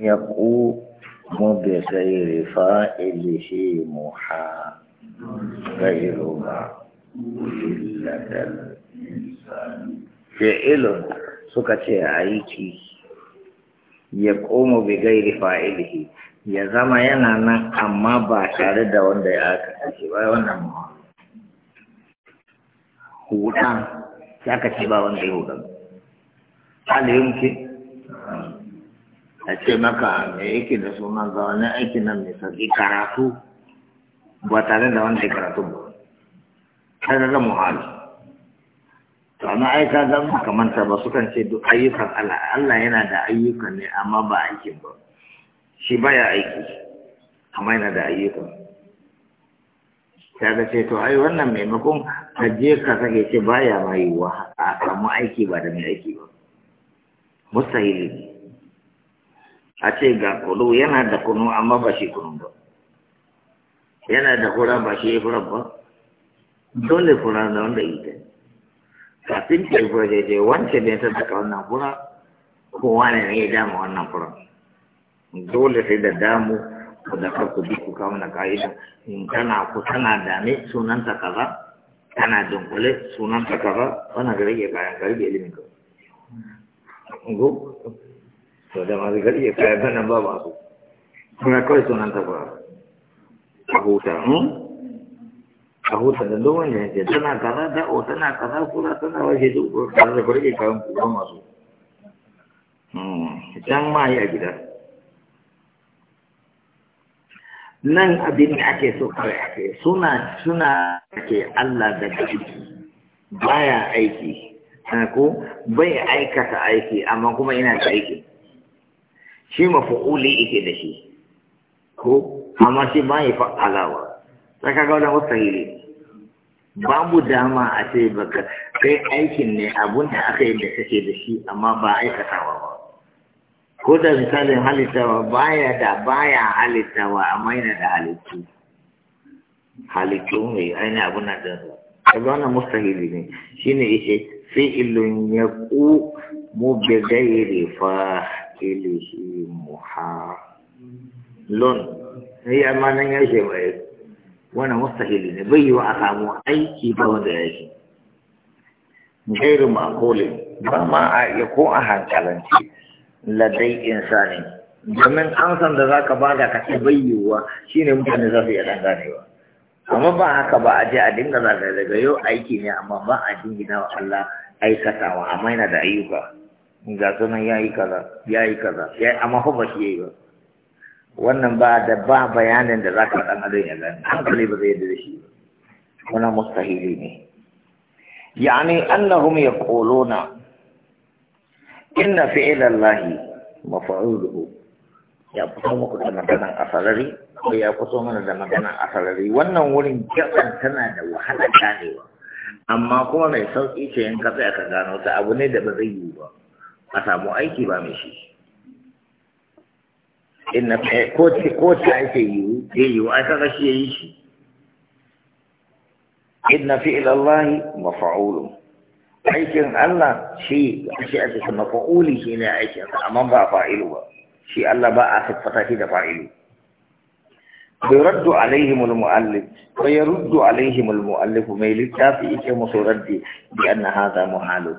yaku wọn bẹsẹ ìrìfà eléṣẹ mọha gbẹyìrò ma olùdàdàlù ce èlò sókàtì àìkì yaku wọn bẹsẹ ìrìfà eléṣẹ ya zama yana nan amma ba tare da wanda ya aka ce ba wannan mawa hudan ya aka ce ba wanda ya hudan ke. a ce maka me yake da sunan ga wani aikin nan mai sauki karatu ba tare da wanda karatu ba kai ga muhali to amma ai ka ga makamanta ba sukan ce duk ayyukan Allah Allah yana da ayyukan ne amma ba aikin ba shi ya aiki amma yana da ayyukan kaga ce to ai wannan maimakon ka je ka sake ce ya mai wa a samu aiki ba da mai aiki ba mustahili a ce ga kunu yana da kunu amma ba shi kunu ba yana da kura ba shi fura ba dole kura da wanda ita kafin ta da daidai wance ne ta daga wannan kura kowa ne ne ya dama wannan kura dole sai da damu ku da farko duk ku kawo na ka'ida in kana ku tana dame ta kaza kana dunkule ta kaza wannan ga rage bayan ga rage ilimin ka to da masu gari ya kayan sanan ba ba su kuma kawai sunan ta ba a huta hmm? a huta da duk wanda yake tana kaza da o tana kaza kura tana wace duk kura da kurke kayan kura masu hmm, can ma yi a gida nan abin da ake so kawai ake suna suna ake Allah da aiki baya aiki ko bai aikata aiki amma kuma ina da aiki shi mafu'uli yake da shi ko amma shi ba ya fa'alawa sai kaga wannan mustahili babu dama a ce baka kai aikin ne abun da aka yi da kake da shi amma ba aikatawa ba ko da misalin halittawa baya da baya halittawa amma yana da halittu halittu ne aini abun nan da kaga wannan mustahili ne shine yace fi'ilun yaqu mu bi ghairi fa asilihi muha lon sai ya ma nan ya ce mai wannan ne bai yi wa a samu aiki ba wanda ya shi gairu ba ma a iya ko a hankalanci ladai insani domin an san da za ka ba da kace bayyuwa shine mutane za su iya dan ganewa amma ba haka ba a je a dinga zaga daga yau aiki ne amma ba a dingina wa Allah aikatawa amma yana da ayyuka ga nan ya yi kaza ya yi kaza ya yi amma ba shi ya yi ba wannan ba da ba bayanin da zaka ka ɗan adam ya gani hankali ba zai yadda da shi ba mustahili ne yani annahum yaquluna inna fi'lallahi mafa'uluhu ya kusa muku da maganan asalari ko ya fito mana da maganan asalari wannan wurin gaban tana da wahala ganewa amma kuma mai sauƙi ce in ka tsaya ka gano ta abu ne da ba zai yiwu ba asamu aiki ba mai shi inna ko ko ta ake yi ke yi wa aka shi yayi shi inna fi ila Allah mafaul aikin Allah shi shi ake shi mafauli shi ne aiki amma ba fa'ilu ba shi Allah ba a siffata shi da fa'ilu alaihim ويرد عليهم المؤلف ويرد عليهم المؤلف ما يلتافي bi anna hadha muhalu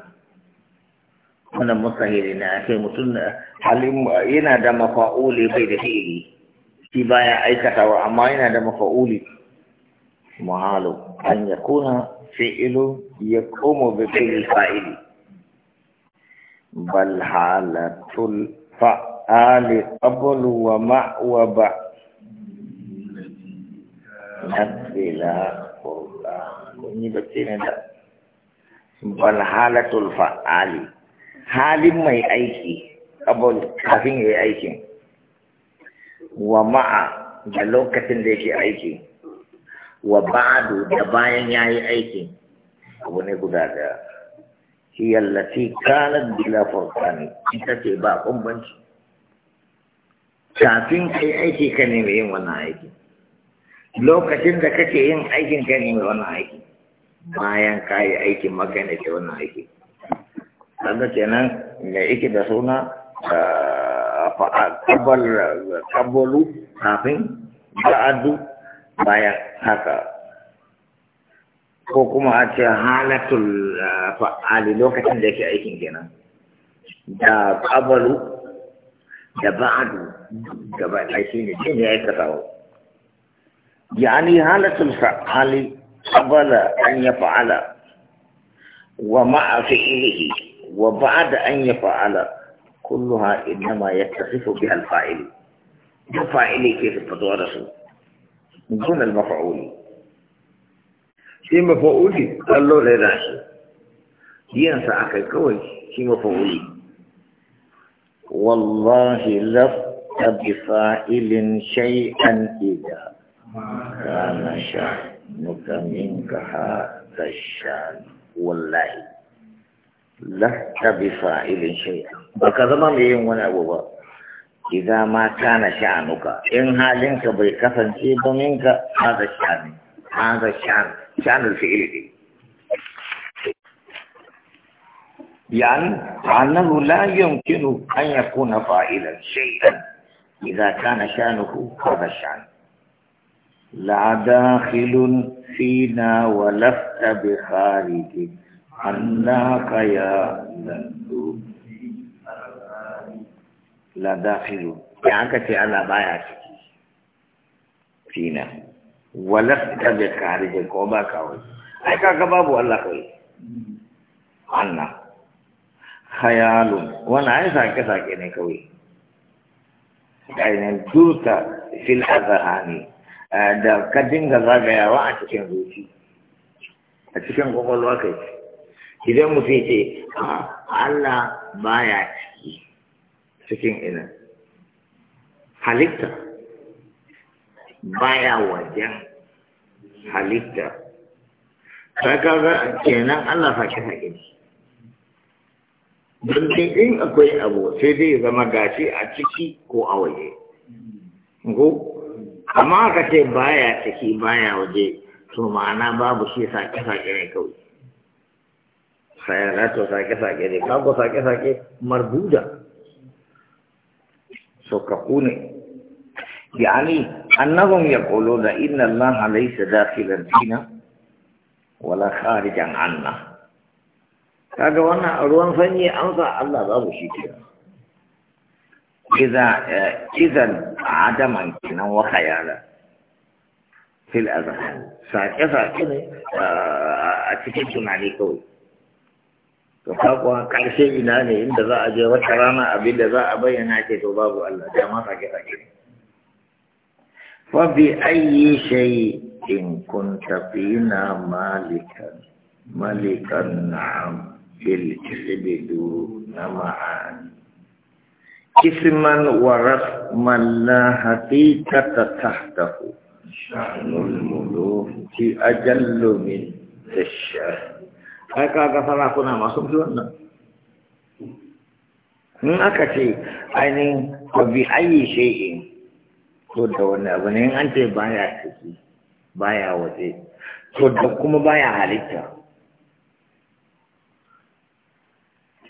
wannan mustahili na a ce mutum halin yana da mafa'uli bai da fi'ili shi baya aikatawa amma yana da mafa'uli muhalu an yakuna fi'ilu yaqumu bi fi'li fa'ili bal halatul fa'ali qablu wa ma wa ba nabila qur'an kun yi bacci ne da bal halatul fa'ali halin mai aiki abun kafin ya yi aikin wa ma'a da lokacin da yake aiki wa ba'adu da bayan ya yi aiki abu ne guda da shi yallafi kanar bila furkani ita ce ba kumbanci kafin ka yi aiki ka nemi yin wannan aiki lokacin da kake yin aikin ka nemi wannan aiki bayan ka yi aikin maka ne ke wannan aiki kaga kenan me yake da suna eh, kabal kafin ba'adu bayan haka ko kuma a ce halatul eh, fa'ali lokacin da yake aikin kenan da da ba'adu da shi ne shi ne aikata wa yani halatul fa'ali qabala an yaf'ala wa ma'a fi'lihi وبعد أن يفعل كلها إنما يتصف بها الفاعل الفاعل كيف تتورث دون المفعول في مفعول له لا ينسى أكل كوي في مفعول والله لفت بفاعل شيئا إذا كان شأنك منك هذا الشأن والله لست بفاعل شيئا بكذا ما مين وانا ابو إذا ما كان شأنك إن حالك بكفن شيب منك هذا الشأن هذا الشأن شأن الفعل دي يعني أنه لا يمكن أن يكون فاعلا شيئا إذا كان شأنه هذا الشأن لا داخل فينا ولست بخارج annaka ya lallu la dakhilu ya aka ce Allah baya ciki fina walasta bi kharij ko ba kawai ai kaga babu Allah kawai Allah Khayalu. wannan ai sake sake ne kawai ainihin duta fil azhani eh, da ka dinga zagayawa a cikin zuci a cikin kwakwalwa kai idan mutum ce ah, Allah baya ciki cikin ina halitta baya wajen halitta ta kaga kenan Allah fa sake ne don dai in akwai abu sai dai zama gashi a ciki ko a waje ko amma ka ce baya ciki baya waje to ma'ana babu shi sa sake ne kawai hayanato sake-sake ne kago sake-sake marbuda so kaku ne yani annahum yaquluna inna allaha laysa dakhilan fina wala kharijan kaga wannan a ruwan sanyi an sa Allah babu shi kenan إذا إذا عدما كنا وخيالا في الأذهان a cikin tunani kawai. to ka kuwa karshe ina ne inda za a je wata rana abin da za a bayyana ce to babu Allah da ma sake sake fa bi ayyi in kunta fina malikan malikan na'am bil na nama'an kisman waras man la haqiqata tahtahu sha'nul muluk ajallu min الشهر ai kaga sarakuna masu fi wannan in aka ce ainihin ko bi ayi shay'in to da wani abu ne an ce baya ciki baya waje to da kuma baya halitta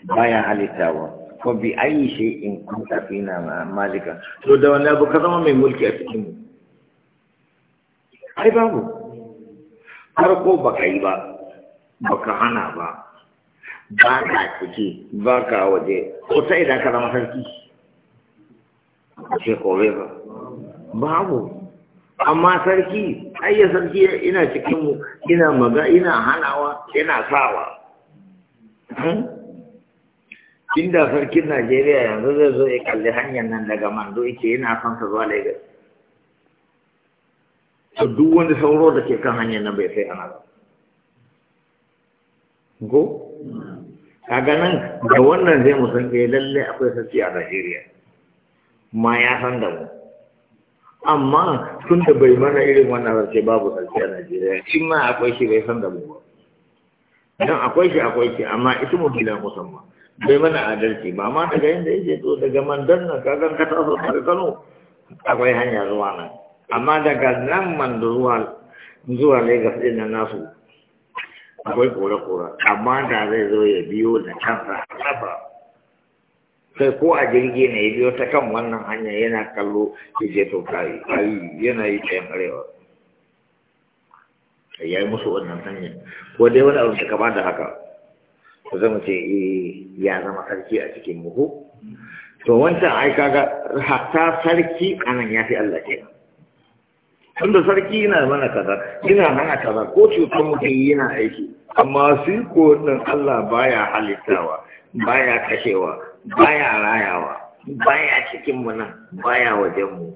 baya halittawa ko bi ayi shay'in kun tafina malika to da wani abu ka zama mai mulki a cikin ai babu har ko baka yi ba baka hana ba ba ka ciki ba ka waje ko ta idan ka zama sarki ce kore ba babu amma sarki ayyar sarki ina cikinmu ina maga ina hanawa ina sawa hmm? inda sarkin najeriya yanzu zai zo ya kalli hanyar nan daga mando yake yana son sa zuwa lagos duk wani sauro da ke kan hanyar nan bai sai ana ba go kaga nan da wannan zai mu san kai eh, lalle akwai sassi a Najeriya ma ya san da mu amma tun da bai mana irin wannan rance babu sassi a Najeriya shi ma akwai shi bai san da mu ba dan akwai shi akwai shi amma mu bila musamman bai mana adalci ba amma daga yanda yake to daga mandan nan kaga ka taso a Kano akwai hanya zuwa nan amma daga nan man zuwa zuwa Lagos din nan nasu akwai kore-kore amma da zai zo ya biyo da kansa haka sai ko a jirgi ne ya biyo ta kan wannan hanya yana kallo ya je to kayi kayi yana yi ta arewa ya yi musu wannan hanya ko dai wani abin da ba da haka to zama ce eh, ya zama sarki a cikin muku. to wancan ai kaga hatta sarki anan ya fi Allah kenan tunda sarki yana mana kaza yana mana kaza ko cutar mutum yana aiki amma su ko wannan Allah baya halittawa baya kashewa baya rayawa baya cikin mu nan baya wajen mu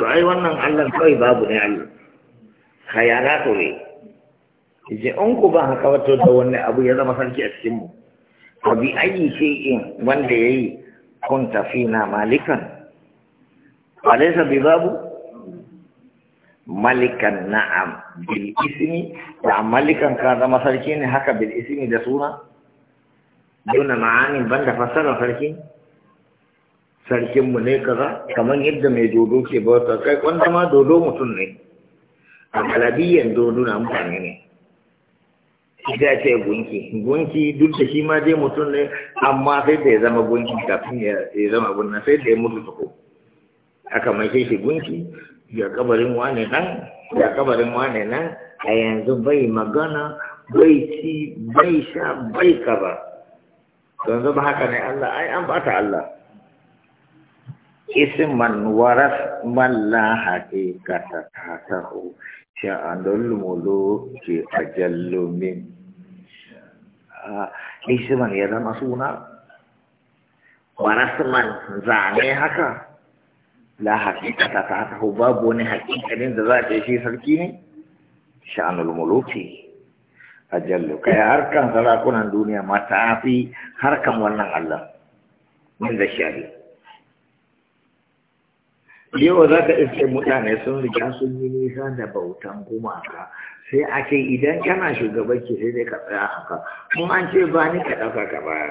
to ai wannan Allah kawai babu ne Allah to ne je an ku ba haka wato da wannan abu ya zama sarki a cikin mu to bi ayi shay'in wanda yayi kunta fina malikan alaysa bi babu malikan na'am bil ismi da malikan ka zama sarki ne haka bil ismi da suna duna ma'anin banda fassara sarki Sarkinmu mu ne kaza kamar yadda mai dodo ke bauta kai kwanta ma dodo mutum ne a galabiyyan dodo na mutane ne da ce gunki gunki duk da shi ma dai mutum ne amma sai da ya zama gunki kafin ya zama gunna sai da ya mutu tuko aka mai shi gunki ya kabarin wane nan ya kabarin wane nan a yanzu bai magana bai ci bai sha bai kaba. yanzu ba haka ne Allah ai an bata Allah isman waras man la haqiqata tahu sha'anul muluki ajallu min ah, isman ya zama suna waras man zane haka la hakikata ta haka babu wani hakikalin da za ta yi shi sarki ne sha'anul muluki ajallu kai harkan sarakunan duniya ma ta fi harkan wannan Allah min da shari yau za ka iske mutane sun riga sun yi nisa da bautan gumaka sai a ce idan kana shugaban ki sai dai ka tsaya haka kuma an ce ba ni ka ɗauka ka baya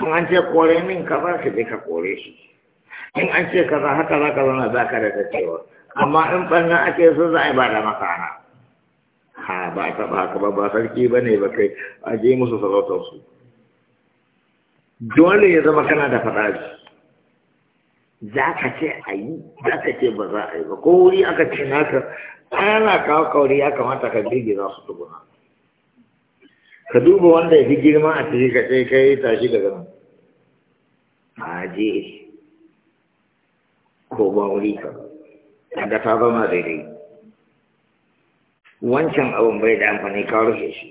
kuma an ce kore min ka ba ka dai ka kore shi in an ce kaza haka za ka zama za ka da cewa amma in ɓanga ake so za a ba da masana ha ba ta ba ka ba ba sarki ba ne ba kai a je musu sarautarsu dole ya zama kana da fadaji za ka ce a yi za ka ce ba za a yi ba ko wuri aka ce naka ana kawo kauri ya kamata ka za su tukuna ka duba wanda ya fi girma a cikin ka kai kai tashi daga nan a je ko ba wuri ka kaga ta zama daidai wancan abin bai da amfani ka rufe shi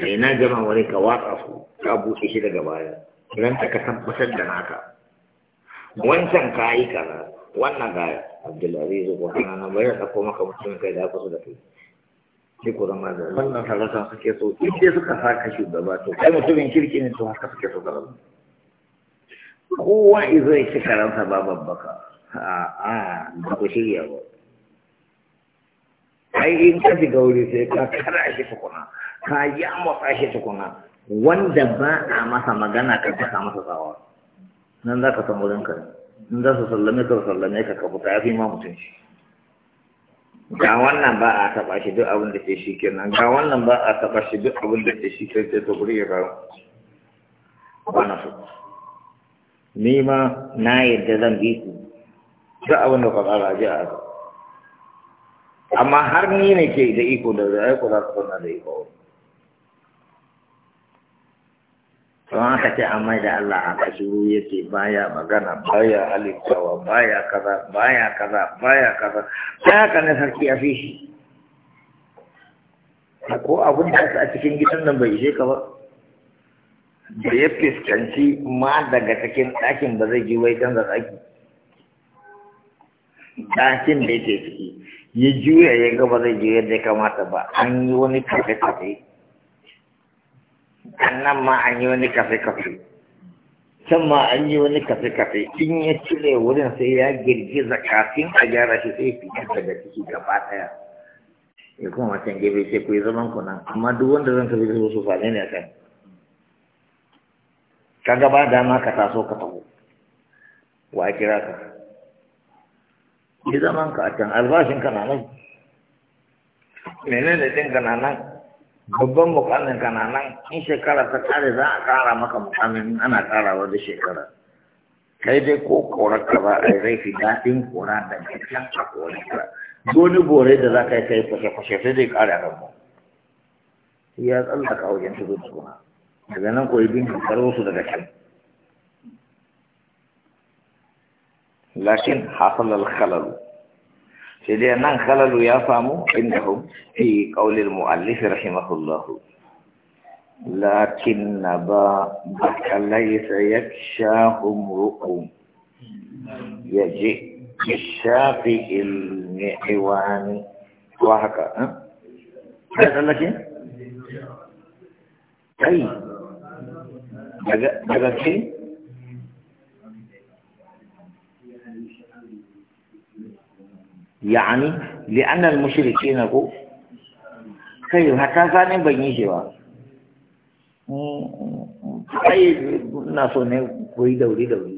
sai na gama wani ka watsa su ka buɗe shi daga baya idan ka tabbatar da naka wancan ka yi kaza wannan ga abdulaziz ko kana na bayar da kuma kamar mutum kai da kusa da kai sai ku zama da wannan sarrafa suke so in dai suka saka shugaba to kai mutumin kirki ne to haka suke so gaba kowa izo ya ci karansa ba babbaka a da ku shirya ba ai in ka shiga wuri sai ka kara shi tukuna ka yi amwatsa shi tukuna wanda ba a masa magana ka kasa masa tsawa nan za ka san wurin ka in za su sallame ka sallame ka ka fita ya fi ma mutum shi ga wannan ba a taɓa shi duk abin da ke shi kenan ga wannan ba a taɓa shi duk abin da ke shi kenan ta guri ya Ba wannan su ni ma na yadda zan bi ku duk abin da faɗa ba ji a haka amma har ni ne ke da iko da zai ku za ku zauna da iko Kuma aka ce amma da Allah haka shiru ce baya magana baya alifawa baya kaza baya kaza baya kaza baya haka na sarki ya fi ko abin da aka a cikin gidan nan bai ishe ka ba da ya fuskanci ma daga cikin ɗakin ba zai ji wai canza ɗaki ɗakin da yake ciki ya juya ya ga ba zai ji yadda ya kamata ba an yi wani kafe-kafe an nan ma an yi wani kafe-kafe can ma an yi wani kafe-kafe in ya cire wurin sai ya girgiza kafin a gyara shi sai fitar daga ciki gaba ɗaya ya kuma can gefe sai ku yi zaman ku nan amma duk wanda zan kafe su su fane ne a kan ka gaba dama ka taso ka taho wa kira ka yi zaman ka a can albashin ka na nan menene din ka na nan babban mukamin ka na nan in shekara ta kare za a kara maka mukamin ana karawa da shekara kai dai ko korar ka ba a rai fi daɗin kora da can a kori ka doni bore da za ka yi kai fashe-fashe sai dai kare a kan mu ya tsallaka wajen tuzo da kuna لكن حصل الخلل سيدي أنا خلل يا فامو عندهم في قول المؤلف رحمه الله لكن باك ليس يكشاهم رؤوم يجي الشافي المعوان وهكذا ها؟ لكن أي daga ke يعني لأن المشركين هو كيف yi shi ba, شوا أي ناس ne koyi dauri dauri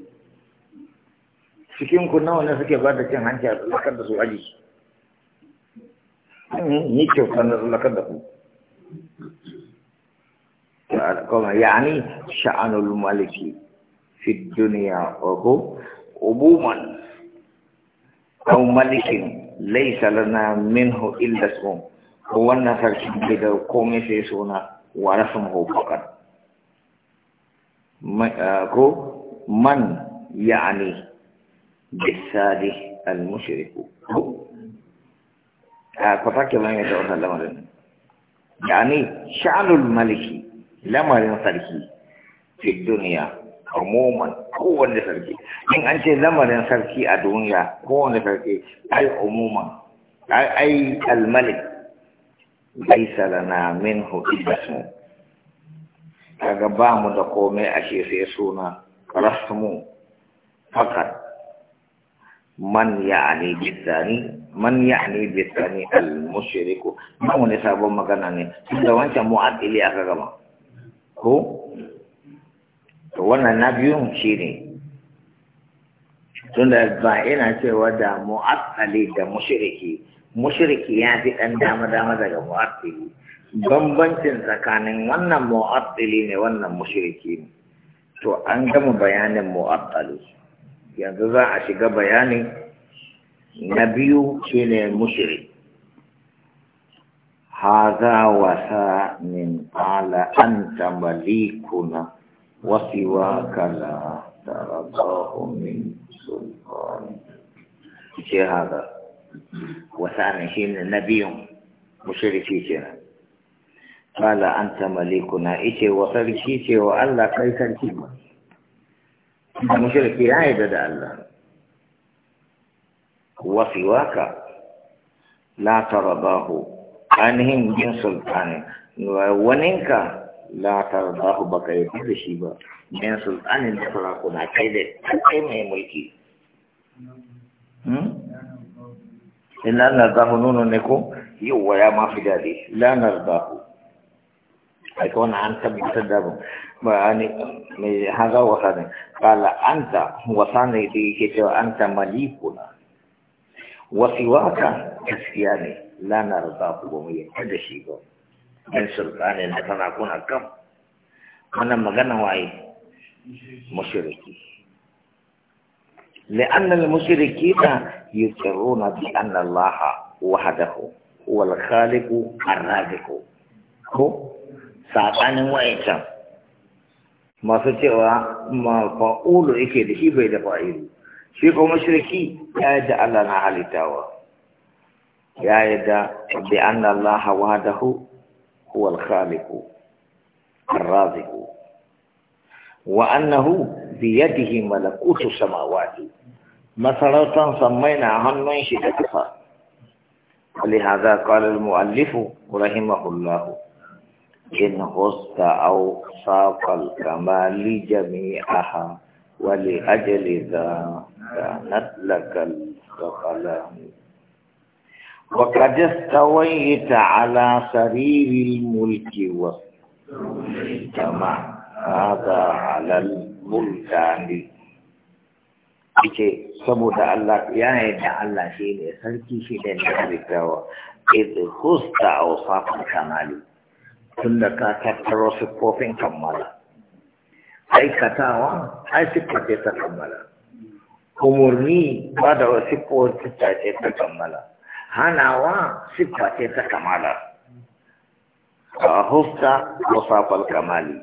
cikin ku nawa ne suke ba da cin hanci a tsallakar da su aji ni kyauta na tsallakar da ku يعني شأن الملك في الدنيا وهو عموما أو ملك ليس لنا منه إلا اسمه هو النصر كده قومي سيسونا ورسمه فقط آه، من يعني بالسالح المشرك فتاكي آه، بان يعني شأن الملكي lamarin sarki fi duniya umuman kowanne sarki in an ce lamarin sarki a duniya kowanne sarki ai umuman ai almalik laisa lana minhu illa kaga ba mu da komai ake sai suna rasmu fakar, man ne bisani man ne bisani al mushriku ba mu ne sabon magana ne da wancan mu'addili aka gama ko to wannan na biyun shi ne tunda ba ina cewa da mu'akali da mushiriki mushiriki ya fi ɗan dama dama daga mu'akali bambancin tsakanin wannan mu'akali ne wannan mushiriki ne to an gama bayanin mu'akali yanzu za a shiga bayanin na biyu shine mushiriki. هذا وثاء من قال أنت مليكنا وسواك لا ترضاه من سلطان شيء هذا من شيء النبي مشركي شيء قال أنت مليكنا إيش وصرشي شيء وألا كيف الكلمة مشركي لا يدد الله وسواك لا ترضاه ainihin jin sultani waninka la tardahu baka yi da shi ba min sultani da na kai da kai mai mulki hmm? ina nardahu nuno ne ko yiwuwa ya fi daɗi la nardahu aika wani an tabbatar da ba ne mai haza wasa ne kala anta wasa ne da yake cewa anta malikuna wasiwaka gaskiya ne lanar ba ku ba mu yi da shi ba ɗan sultani na tana kuna kan wannan magana waye mushriki لأن المشركين يقرون بأن الله وحده هو الخالق الرازق هو سابان وإنسان ما سوى ما فأولو إكيد شي بيد فائل شيخ مشركي يا Allah على التواب يايدا بأن الله وحده هو الخالق الرازق وأنه بيده ملكوت السماوات مثلا سمينا عنه شدتها ولهذا قال المؤلف رحمه الله إن غصت أو صاق الكمال جميعها ولأجل ذا كانت لك الخلال وقد استويت على سرير الملك واستمع هذا على البلدان ce saboda Allah ya yadda Allah shi ne sarki shi ne na halittawa iz husta a wasafin kamali tun da ka tattaro siffofin kammala aikatawa ai siffa ce ta kammala umarni ba da siffofin ta ce ta kammala hanawa siffa ce ta kamala hufta wasafal kamali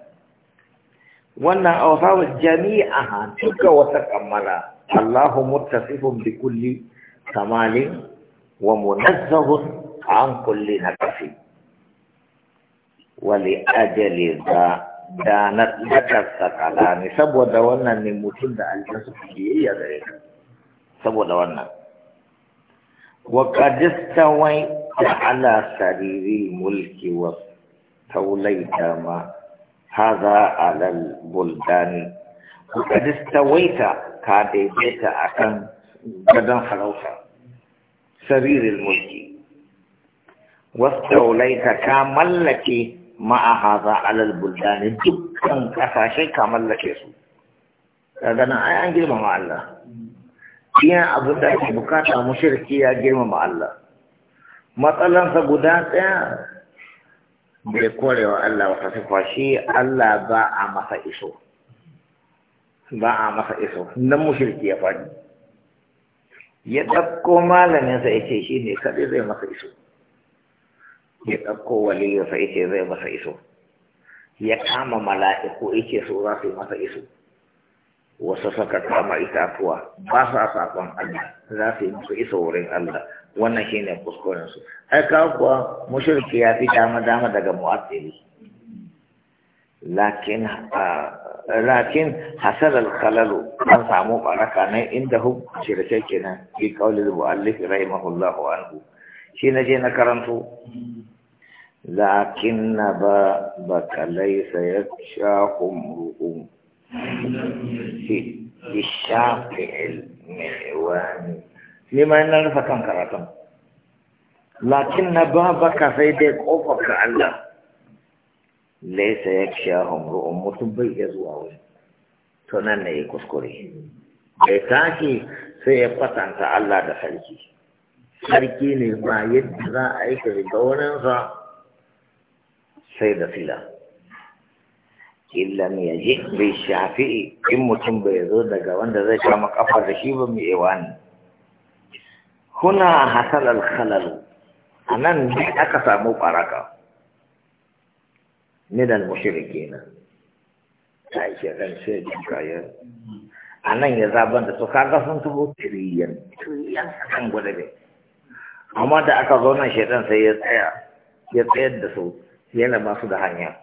wannan awsafal jami'aha duka wata kammala Allahu muttasifun bi kulli kamalin wa munazzahun an kulli naqsi wa li ajali da danat lakar sakalani saboda wannan ne mutum da aljansu ke yi a gare ka saboda wannan wakadista wai ta ala sariri mulki wa taulai ta ma ta za a lal bulgari wai ta ka daidai a kan gadon harauta saririn mulki wa taulai ka mallake ma a ha za a lal ka mallake su ɗaga na an girmama Allah iya abin da ake bukata mushriki ya girmama Allah matsalansa guda ɗaya bai wa Allah wata sifa shi Allah ba a masa iso ba a masa iso nan mushriki ya faɗi ya ɗauko malaminsa ya ce shi ne kaɗai zai masa iso ya ɗauko waliyarsa ya ce zai masa iso ya kama mala'iku ya ce so za su yi masa iso wasu suka kama itatuwa ba a sakon Allah za su yi musu isa wurin Allah wannan shi ne kuskurensu ai kawo kuwa mushirki ya fi dama dama daga mu'attili lakin lakin hasar alkalalu an samu baraka ne inda hu shirkai kenan fi kaulil mu'allif rahimahullahu anhu shi na je na karanto lakin na ba baka laysa yakshahum ru'um bishafi'il mewani nema yana nufa kan karatun lakin na ba baka sai dai Allah laisa ya kya hamuru a mutum bai iya zuwa wani tunan na yi kuskure bai tashi sai ya kwatanta Allah da sarki sarki ne ba yadda za a yi shi ga sai da fila illam yaji bi shafi'i in mutum bai zo daga wanda zai kama kafa da shi ba mai iwani kuna hasal al-khalal anan ne aka samu baraka ne dan mushrikina sai shi ran sai kaya anan ya zaban da to kaga sun tubo tiriyan tiriyan kan gwada ne amma da aka zo nan shedan sai ya tsaya ya tsayar da su yana ba su da hanyar.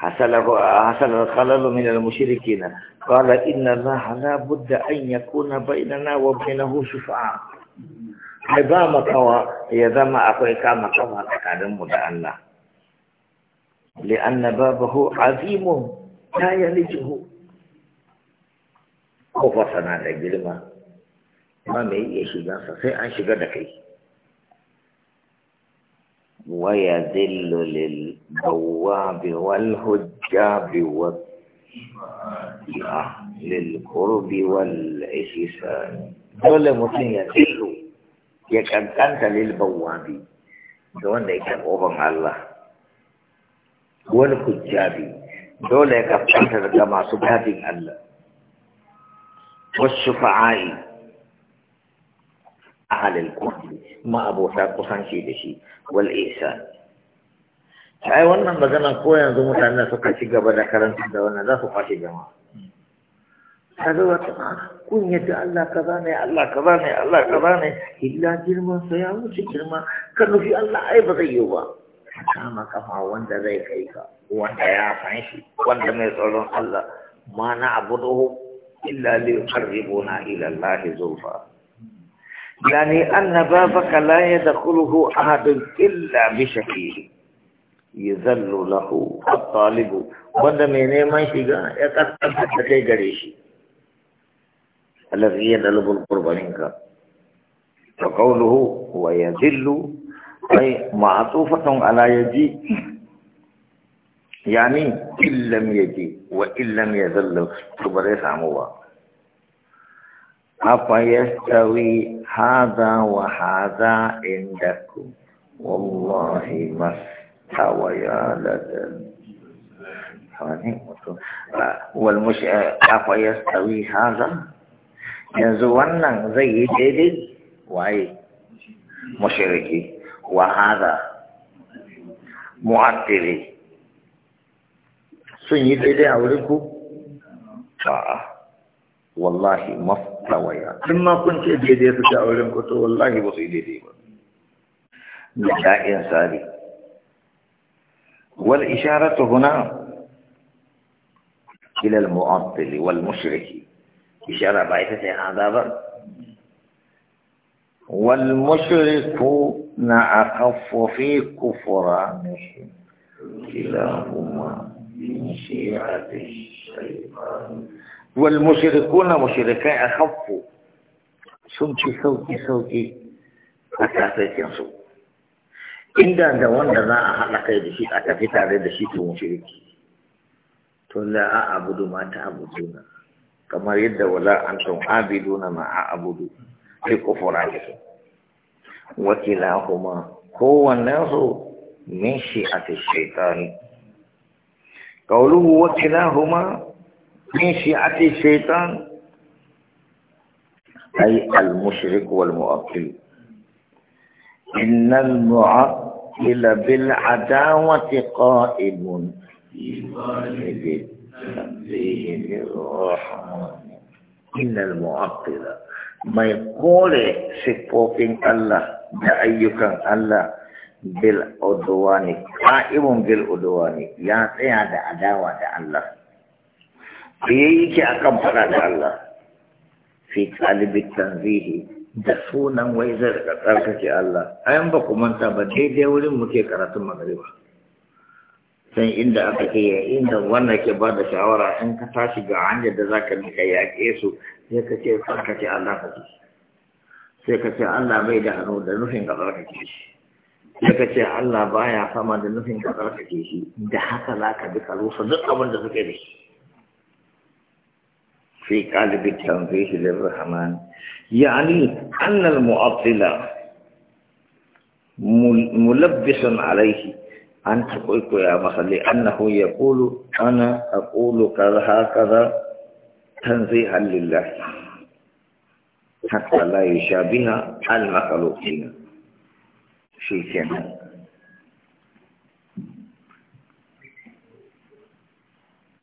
حصل حصل الخلل من المشركين قال إن الله لا بد أن يكون بيننا وبينه شفعاء عظام كوا يزم أخوي كما كوا تكلم الله لأن بابه عظيم لا يلجه ko fasana da girma ba mai iya shigansa sai an shiga da kai ويذل للبواب والهجاب والطاعة للقرب والإحسان دول مسلم يذل يكنت للبواب دون يكن أبن الله والهجاب دول يكنت لكما سبحانه الله والشفعاء ahalil kurdi ma abota kusanci da shi wal isa ai wannan magana, ko yanzu mutanen suka ci gaba da karanta da wannan za su kwashe jama'a kaga wata kun yadda Allah kaza ne Allah kaza ne Allah kaza ne illa girman sa ya wuce girma ka nufi Allah ai ba zai yi ba kama kafa wanda zai kai ka wanda ya san shi wanda mai tsoron Allah ma na abuduhu illa li yuqarribuna ila Allah zulfa يعني أن بابك لا يدخله أحد إلا بشكيه يذل له الطالب wanda mai neman shiga ya kasance da kai gare shi alladhi yadlubul qurba minka wa qawluhu wa yadhillu ay ma'tufatun ala yaji yani illam yaji wa illam yadhillu to bare samu ba apa yastawi hadha wa hadha indakum wallahi mas tawayalatan ini itu wal mush apa yastawi hadha yanzu wannan zai yi daidai waye mushriki wa hadha mu'attili sun yi daidai a wurin ku a wallahi mas ويا كنت جديد رجع قلت والله بصي جديد نداء إنساني والإشارة هنا إلى المعطل والمشرك إشارة بعيدة عذاب والمشرك أخف في كفرانه كلاهما من شيعة الشيطان wal mushrikuna mushrikai akhaffu sun ci sauki sauki a kafirkin su inda da wanda za a haɗa kai da shi a tafi tare da shi to mushriki to la a abudu ma ta abuduna kamar yadda wala antum abiduna ma a abudu sai su من شيعة الشيطان أي المشرك والمؤكل إن المعقل بالعداوة قائم إن المعقل ما يقول سبوبين الله بأيك الله بالعدوان قائم بالعدوان يا سيادة عداوة الله da ya yi a kan faɗa Allah fi ƙalibin tanzihi da sunan wai zai daga tsarkake Allah ayan ba ku manta ba daidai wurin muke karatun magariba sai inda aka ke ya inda wannan ke ba da shawara in ka tashi ga hanyar da za ka nika yaƙe su sai ka ce tsarkake Allah ka ce sai ka ce Allah bai da hannu da nufin ka tsarkake shi sai ka ce Allah baya sama da nufin ka tsarkake shi da haka za ka bi ka rusa duk abin da suke da shi في قالب التنفيذ للرحمن يعني أن المعطل ملبس عليه أن تقول يا مخلي أنه يقول أنا أقول كذا هكذا تنزيها لله حتى لا يشابه المخلوقين في كنان